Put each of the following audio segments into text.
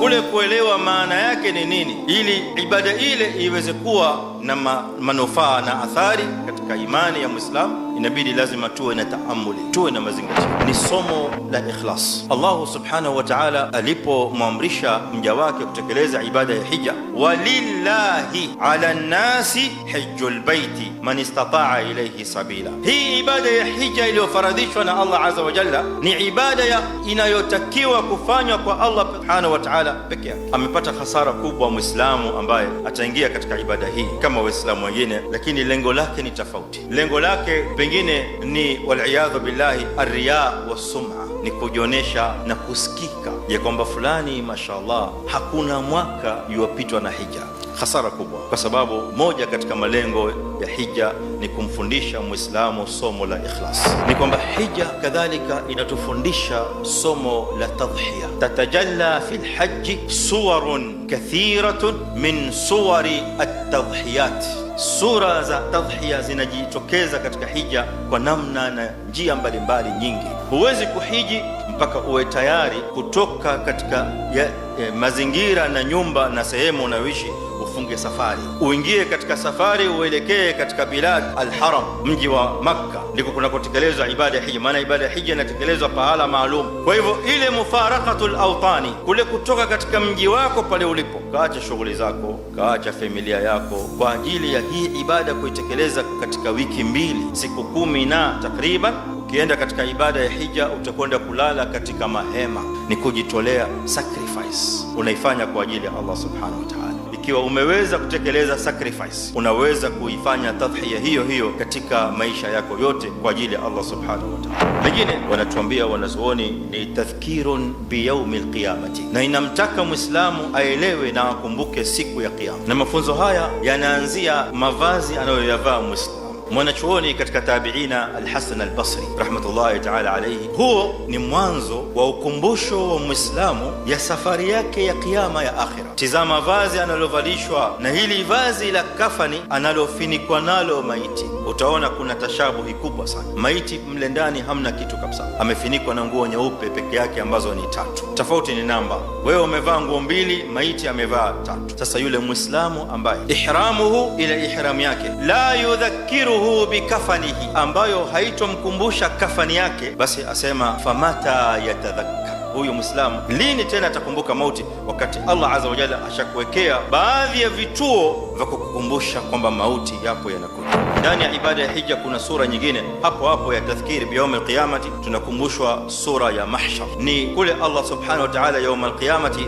kule kuelewa maana yake ni nini, ili ibada ile iweze kuwa na manufaa na athari katika imani ya Muislamu inabidi lazima tuwe na taamuli, tuwe na mazingatio. Ni somo la ikhlas. Allahu subhanahu wa ta'ala alipomwamrisha mja wake kutekeleza ibada ya hija, walillahi ala nnasi hijjul baiti man istataa ilayhi sabila. Hii ibada ya hija iliyofaradhishwa na Allah azza wa jalla ni ibada inayotakiwa kufanywa kwa Allah subhanahu wa ta'ala peke yake. Amepata hasara kubwa Muislamu ambaye ataingia katika ibada hii kama Waislamu wengine, lakini lengo lake ni tofauti. Lengo lake pengine ni waliyadhu billahi arriya wassuma, ni kujionyesha na kusikika ya kwamba fulani mashallah, hakuna mwaka yuwapitwa na hija. Hasara kubwa, kwa sababu moja katika malengo ya hija ni kumfundisha Muislamu somo la ikhlas. Ni kwamba hija kadhalika inatufundisha somo la tadhhiya. Tatajalla fi lhaji suwarun kathiratun min suwari at tadhhiyat, sura za tadhhiya zinajitokeza katika hija kwa namna na njia mbalimbali nyingi. Huwezi kuhiji mpaka uwe tayari kutoka katika ya, ya, mazingira na nyumba na sehemu unayoishi ufunge safari uingie katika safari uelekee katika bilad alharam mji wa Makka, ndiko kunakotekelezwa ibada ya hija. Maana ibada ya hija inatekelezwa pahala maalum. Kwa hivyo ile mufarakatu lautani kule kutoka katika mji wako pale ulipo, kaacha shughuli zako, kaacha familia yako kwa ajili ya hii ibada kuitekeleza katika wiki mbili, siku kumi na takriban Ukienda katika ibada ya hija utakwenda kulala katika mahema, ni kujitolea sacrifice, unaifanya kwa ajili ya Allah subhanahu wa ta'ala. Ikiwa umeweza kutekeleza sacrifice, unaweza kuifanya tadhhiya hiyo hiyo katika maisha yako yote kwa ajili ya Allah subhanahu wa ta'ala. Mengine wanatuambia wanazuoni ni tadhkirun biyaumi qiyamati, na inamtaka Mwislamu aelewe na akumbuke siku ya Kiyama, na mafunzo haya yanaanzia mavazi anayoyavaa Mwislamu mwanachuoni katika tabiina Alhasan Albasri rahmatullahi taala alaihi. Huo ni mwanzo wa ukumbusho wa Mwislamu ya safari yake ya kiama ya akhira. Tizama vazi analovalishwa na hili vazi la kafani analofinikwa nalo maiti, utaona kuna tashabuhi kubwa sana. Maiti mle ndani hamna kitu kabisa, amefinikwa na nguo nyeupe peke yake ambazo ni tatu. Tofauti ni namba, wewe umevaa nguo mbili, maiti amevaa tatu. Sasa yule mwislamu ambaye ihramuhu ila ihramu yake la yudhakiruhu yadhkuruhu bikafanihi, ambayo haitomkumbusha kafani yake, basi asema famata yatadhakkaru huyu Muislamu lini tena atakumbuka mauti, wakati Allah azza wa jalla ashakuwekea baadhi ya vituo vya kukukumbusha kwamba mauti yapo yanakuja. Ndani ya ibada ya hija kuna sura nyingine hapo hapo ya tadhkiri bi alqiyamati tunakumbushwa sura ya mahshar. Ni kule Allah subhanahu wa ta'ala yaumil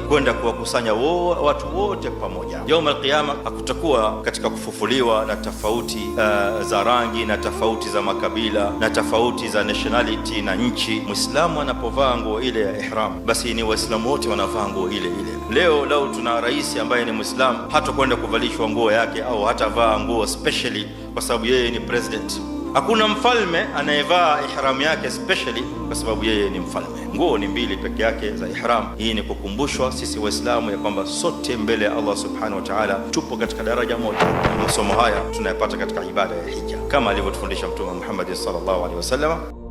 kwenda kuwakusanya wo, watu wote pamoja. Yaumil qiyama hakutakuwa katika kufufuliwa na tofauti uh, za rangi na tofauti za makabila na tofauti za nationality na nchi. Muislamu anapovaa nguo ile ya ihram, basi ni Waislamu wote wanavaa nguo ile ile. Leo lao tuna rais ambaye ni Mwislamu, hatakwenda kuvalishwa nguo yake au hatavaa nguo specially kwa sababu yeye ni president. Hakuna mfalme anayevaa ihramu yake specially kwa sababu yeye ni mfalme. Nguo ni mbili peke yake za ihram. Hii ni kukumbushwa sisi Waislamu ya kwamba sote mbele ya Allah subhanahu wa ta'ala tupo katika daraja moja. Masomo haya tunayapata katika ibada ya hija kama alivyotufundisha Mtume Muhammad sallallahu alaihi wasallam.